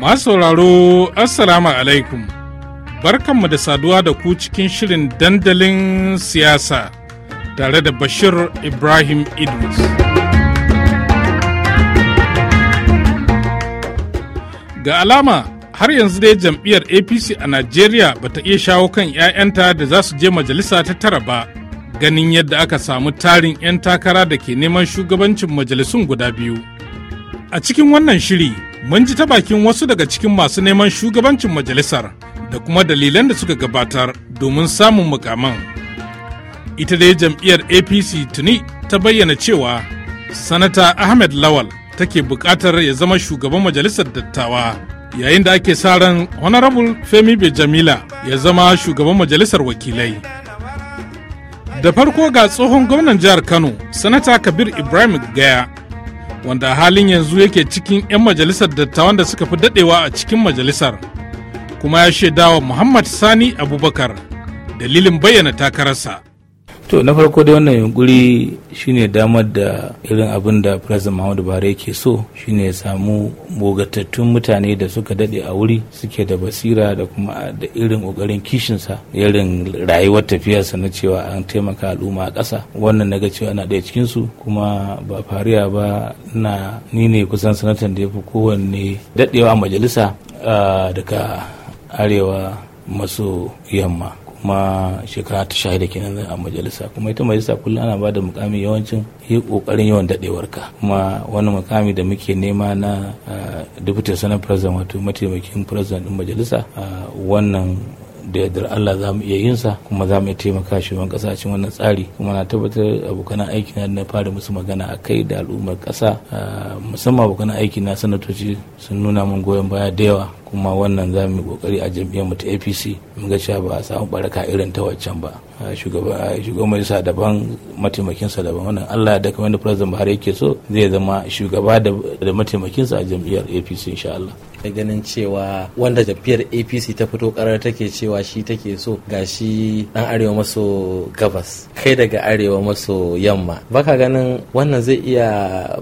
Masu sauraro Assalamu alaikum barkanmu da saduwa da ku cikin shirin dandalin siyasa tare da Bashir Ibrahim Idris. Ga alama har yanzu dai jam'iyyar APC a Najeriya bata iya shawo kan 'ya'yanta da za su je majalisa ta tara ba ganin yadda aka samu tarin 'yan takara da ke neman shugabancin majalisun guda biyu. A cikin wannan shiri mun ji ta bakin wasu daga cikin masu neman shugabancin majalisar da kuma dalilan da suka gabatar domin samun mukaman. Ita dai jam'iyyar APC tuni ta bayyana cewa Sanata Ahmed Lawal take buƙatar ya zama shugaban majalisar dattawa yayin da ake sa ran Honorable Femi Bejamila ya zama shugaban majalisar wakilai. Da farko ga tsohon gwamnan jihar Kano, Sanata Kabir Ibrahim Gaya wanda halin yanzu yake cikin 'yan majalisar dattawan da suka fi dadewa a cikin majalisar kuma ya shaidawa muhammad sani abubakar dalilin bayyana takararsa to na farko dai wannan yunkuri shine damar da irin abin da president muhammadu buhari yake so shine ya samu bogatattun mutane da suka dade a wuri suke da basira da kuma da irin kokarin kishinsa irin rayuwar tafiyarsa na cewa an taimaka al'umma a ƙasa wannan na naga cewa na ɗaya cikin su kuma ba fariya ba na ni ne kusan sanatan da ya fi kowanne dadewa a majalisa ah, daga arewa maso yamma kuma shekara ta shahida kenan a majalisa kuma ita majalisa kullum ana bada mukami yawancin yi kokarin yawan daɗewar ka kuma wani mukami da muke nema na eh, deputy senate president wato mataimakin president din majalisa eh, wannan da yadda Allah za mu iya yin sa kuma za mu iya taimaka shugaban kasa cikin wannan tsari kuma na tabbatar abokan aiki na na fara musu magana a kai da al'ummar kasa eh, musamman abokan aiki na sanatoci sun nuna min goyon baya da yawa kuma wannan za mu kokari a jam'iyyar mu ta apc mu ga cewa ba a samu baraka irin ta waccan ba shugaban majalisa daban mataimakin sa daban wannan allah da daka wanda president buhari yake so zai zama shugaba da mataimakin sa a jam'iyyar apc insha allah ganin cewa wanda jam'iyyar apc ta fito karar take cewa shi take so ga shi dan arewa maso gabas kai daga arewa maso yamma baka ganin wannan zai iya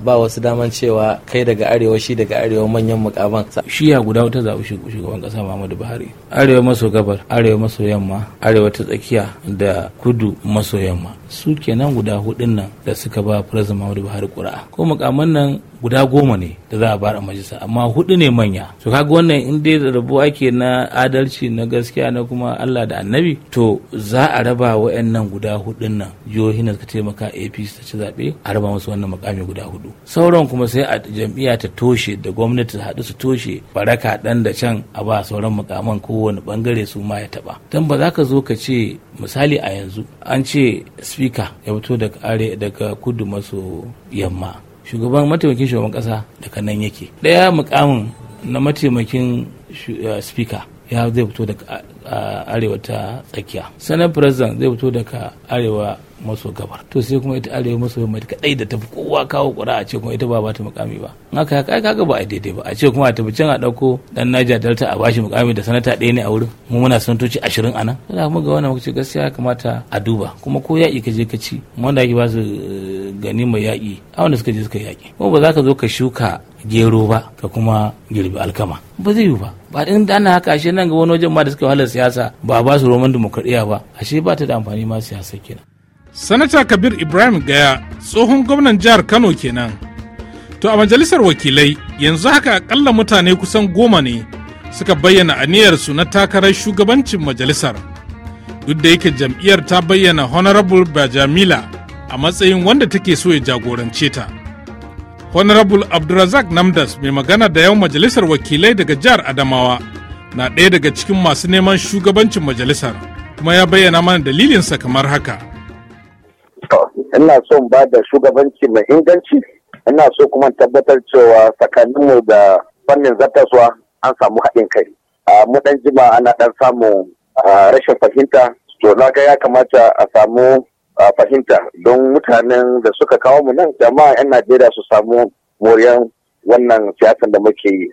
ba wasu daman cewa kai daga arewa shi daga arewa manyan mukaban shi ya guda wata shugaban kasa Muhammadu Buhari arewa maso gabar arewa maso yamma arewa ta tsakiya da kudu maso yamma su kenan guda hudun nan da suka ba firazin Muhammadu Buhari Kura. ko mukaman nan guda goma ne da za a bar a majalisa amma hudu ne manya to kaga wannan in dai da rabu ake na adalci na gaskiya na kuma Allah da Annabi to za a raba wayannan guda hudun nan jihohi na suka taimaka APC ta ci zaɓe? a raba musu wannan makami guda hudu sauran kuma sai a jam'iyya ta toshe da gwamnati haɗu su toshe baraka ɗan da can a ba sauran mukaman kowane bangare su ma ya taba dan ba za ka zo ka ce misali a yanzu an ce spika ya fito daga kudu maso yamma shugaban mataimakin shugaban kasa daga nan yake daya mukamin na mataimakin eh, spika ya zai fito daga arewa ta tsakiya sanar president zai fito daga arewa maso gabar to sai kuma ita arewa maso yamma ita kadai da ta fi kowa kawo kura a ce kuma ita ba ba ta mukami ba in aka haka kaga ba a daidai ba a ce kuma a tafi can a dauko dan Niger Delta a bashi mukami da sanata ɗaya ne a wurin mu muna toci 20 anan nan da mu ga wannan muka gaskiya ya kamata a duba kuma ko yaƙi ka je ka ci wanda ake ba su eh, gani mai yaki a wanda suka je suka yaki kuma ba za ka zo ka shuka gero ba ka kuma girbi alkama ba zai yi ba ba din da ana haka ashe nan ga wani wajen ma da suka wahalar siyasa ba ba su roman dimokuraɗiyya ba ashe ba ta da amfani ma siyasa kenan sanata kabir ibrahim gaya tsohon gwamnan jihar kano kenan to a majalisar wakilai yanzu haka akalla mutane kusan goma ne suka bayyana aniyarsu na takarar shugabancin majalisar duk da yake jam'iyyar ta bayyana honorable bajamila a matsayin wanda take so ya jagorance ta honorable abdulrazak namdas mai magana da yawan majalisar wakilai daga jihar adamawa na ɗaya daga cikin masu neman shugabancin majalisar kuma ya bayyana mana dalilinsa kamar haka ina son ba da shugabanci mai inganci ina so kuma tabbatar cewa tsakaninmu da fannin zartaswa an samu haɗin kai mu ɗan jima ana ɗan samun rashin fahimta to na ga ya kamata a samu fahimta don mutanen da suka kawo mu nan jama'a 'yan najeriya su samu moriyan wannan siyasar da muke yi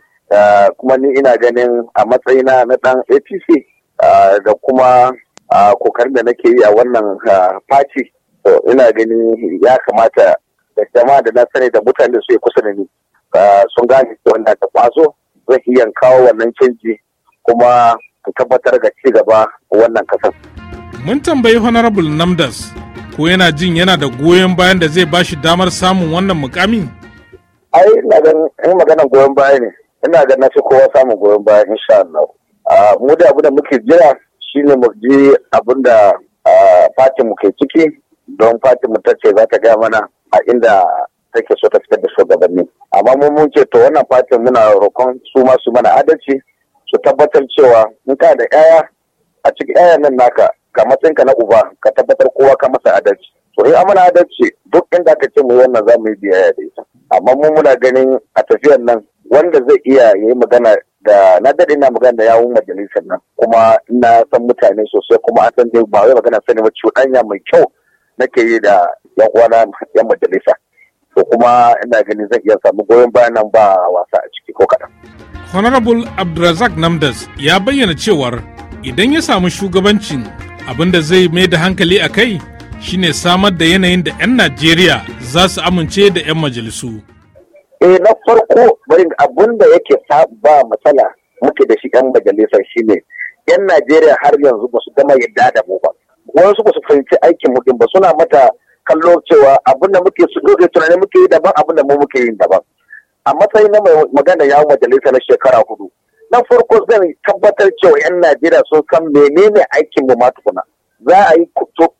kuma ni ina ganin a matsayina na ɗan apc da kuma kokarin da nake yi a wannan faci to ina gani ya kamata da jama'a da na sani da mutane su ya kusa da ni sun gane wanda da kwazo zai iya kawo wannan canji kuma ka tabbatar ga ci gaba wannan kasar. Mun tambayi Honorable Namdas ko yana jin yana da goyon bayan da zai bashi damar samun wannan mukami? Ai, ina ganin maganar goyon baya ne, ina ganin fi kowa samun goyon baya insha Allah. Mu da abu da muke jira shine mu ji abin da fatin mu ke ciki don fatima ta ce za ta gaya mana a inda take so ta fitar da shugabanni amma mun mun ce to wannan fatin muna roƙon su ma su mana adalci su tabbatar cewa in ka da yaya a cikin yayan nan naka ka ka na uba ka tabbatar kowa ka masa adalci to in amana adalci duk inda aka ce mu wannan za mu yi biyayya da ita amma mu muna ganin a tafiyar nan wanda zai iya ya yi magana da na daɗe na magana da yawun majalisar nan kuma na san mutane sosai kuma a san dai ba wai magana sani ba cuɗanya mai kyau nake yi da yan uwana yan majalisa to kuma ina ganin zan iya samu goyon bayan nan ba wasa a ciki ko kaɗan. honorable abdulrazak namdas ya bayyana cewar idan ya samu shugabancin abin da zai mai da hankali a kai shine samar da yanayin da 'yan najeriya za su amince da 'yan majalisu eh na farko bari abin da yake ba matsala muke da shi 'yan majalisar shine 'yan najeriya har yanzu ba su gama yadda da mu ba wasu ba su fahimci aikin mutum ba suna mata kallo cewa abin da muke su doge tunanin muke yi daban abin da mu muke yi daban a matsayin na mai magana yawon majalisa na shekara hudu na farko zan tabbatar cewa yan najeriya sun san menene aikin mu ma tukuna za a yi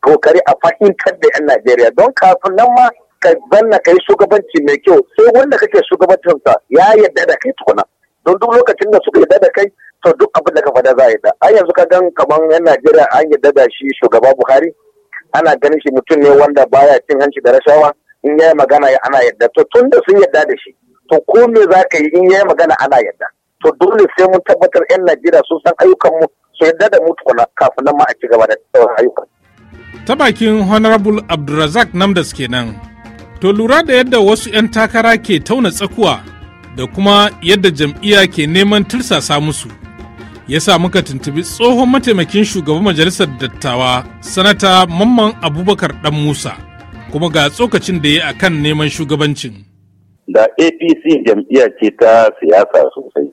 kokari a fahimtar da yan najeriya don kafin nan ma ka zanna ka shugabanci mai kyau sai wanda kake shugabancinsa ya yarda da kai tukuna don duk lokacin da suka yadda da kai to duk abin da ka fada za a da ai yanzu ka gan kamar yan Najeriya an yadda da shi shugaba Buhari ana ganin shi mutum ne wanda baya cin hanci da rashawa in ya yi magana ana yadda. to tun da sun yadda da shi to ko me za ka yi in ya yi magana ana yadda. to dole sai mun tabbatar yan Najeriya sun san ayyukan mu su yarda da mu tukuna kafin nan ma a ci gaba da tsawon ayyukan ta bakin honorable abdulrazak namdas kenan to lura da yadda wasu 'yan takara ke tauna tsakuwa da kuma yadda jam'iyya ke neman tirsasa musu ya sa muka tuntubi tsohon mataimakin shugaban majalisar dattawa sanata mamman abubakar dan musa kuma ga tsokacin da ya a kan neman shugabancin da apc jam'iyya ce ta siyasa sosai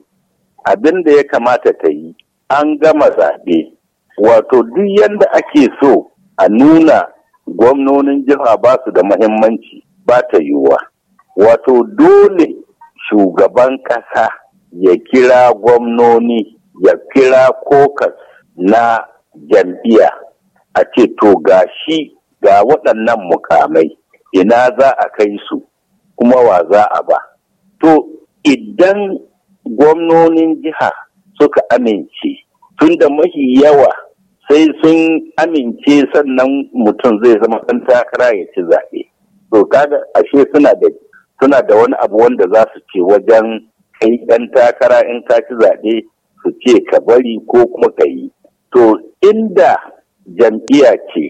abin da ya kamata ta yi an gama zaɓe wato duk yadda ake so a nuna gwamnonin jiha ba su da mahimmanci ba ta yiwuwa wato dole shugaban ƙasa ya kira gwamnoni ya kira kokas na jam'iya a ce to ga shi ga waɗannan mukamai ina za a kai su kuma wa za a ba to idan gwamnonin jiha suka amince tun da mafi yawa sai sun amince sannan mutum zai zama ɗan takara ya ci zaɓe to kaga ashe suna da suna da wani abu wanda za su ce wajen kai ɗan takara in ka ci zaɓe su ce ka bari ko kuma ka yi. To inda jam'iyya ce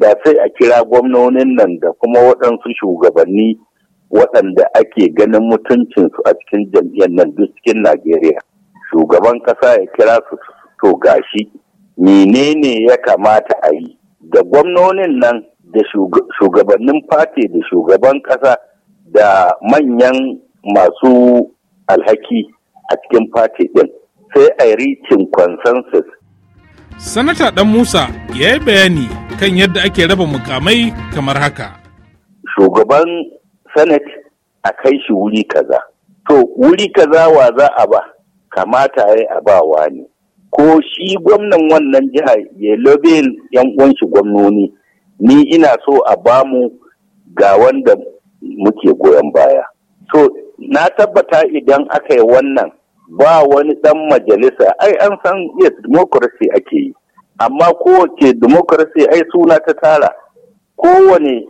da sai a kira gwamnonin nan da kuma waɗansu shugabanni waɗanda ake ganin mutuncinsu a cikin jam'iyyar nan duk cikin Najeriya. Shugaban ƙasa ya kira su to gashi menene ya kamata a yi da gwamnonin nan da shugabannin fati da shugaban ƙasa da manyan masu alhaki a cikin fati ɗin sai a reaching consensus. Sanata ɗan Musa ya yi bayani kan yadda ake raba mukamai kamar haka. Shugaban Senate a kai shi wuri kaza. To wuri kaza wa za a ba, kamata ya a ba ne. Ko shi gwamnan wannan jiha ya lobe yan uwan gwamnoni, ni ina so a bamu ga wanda muke goyon baya so na tabbata idan aka yi wannan ba wani ɗan majalisa ai an san iya demokrasi ake yi amma kowace demokrasi ai suna ta tara kowane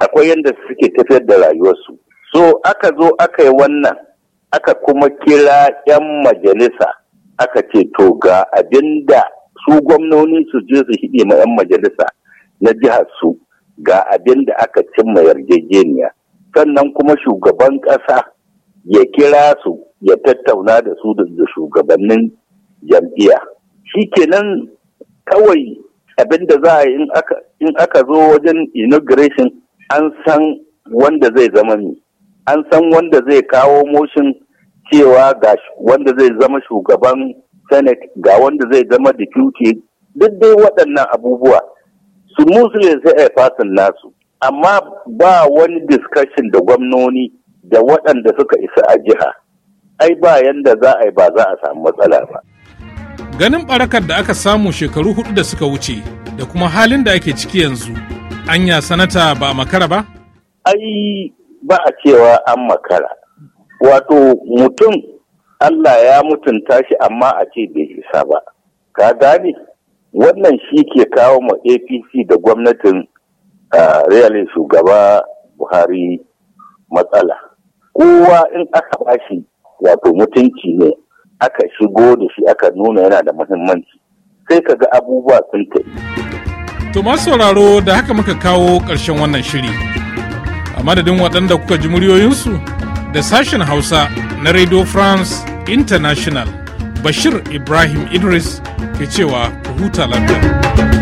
akwai yadda suke tafiyar da rayuwarsu so aka zo aka yi wannan aka kuma kira 'yan majalisa aka ce to ga abin da su gwamnoni su je su hiɗe ma 'yan majalisa na jihar su ga abin da aka cimma yarjejeniya sannan kuma shugaban ƙasa ya kira su ya tattauna da su da shugabannin jam'iyya shi kenan kawai abin da za a yi in aka zo wajen inauguration an san wanda zai zama ne an san wanda zai kawo motion cewa ga wanda zai zama shugaban senate ga wanda zai zama deputy duk dai waɗannan abubuwa su musulun sai a fasin nasu amma ba wani discussion da gwamnoni da waɗanda suka isa a jiha ai ba yanda za a yi ba za a samu matsala ba ganin barakar da aka samu shekaru hudu da suka wuce da kuma halin da ake ciki yanzu anya sanata ba makara ba ai ba a cewa an makara wato mutum allah ya mutunta shi amma a ce bai isa ba ka gane wannan shi ke kawo ma apc da gwamnatin really shugaba buhari matsala kowa in aka bashi wato mutunci ne aka shigo da shi aka nuna yana da muhimmanci sai ka ga abubuwa sun kai to masu sauraro da haka muka kawo ƙarshen wannan shiri a madadin waɗanda kuka ji muryoyinsu da sashen hausa na radio france international bashir ibrahim idris ke cewa ku huta lafiya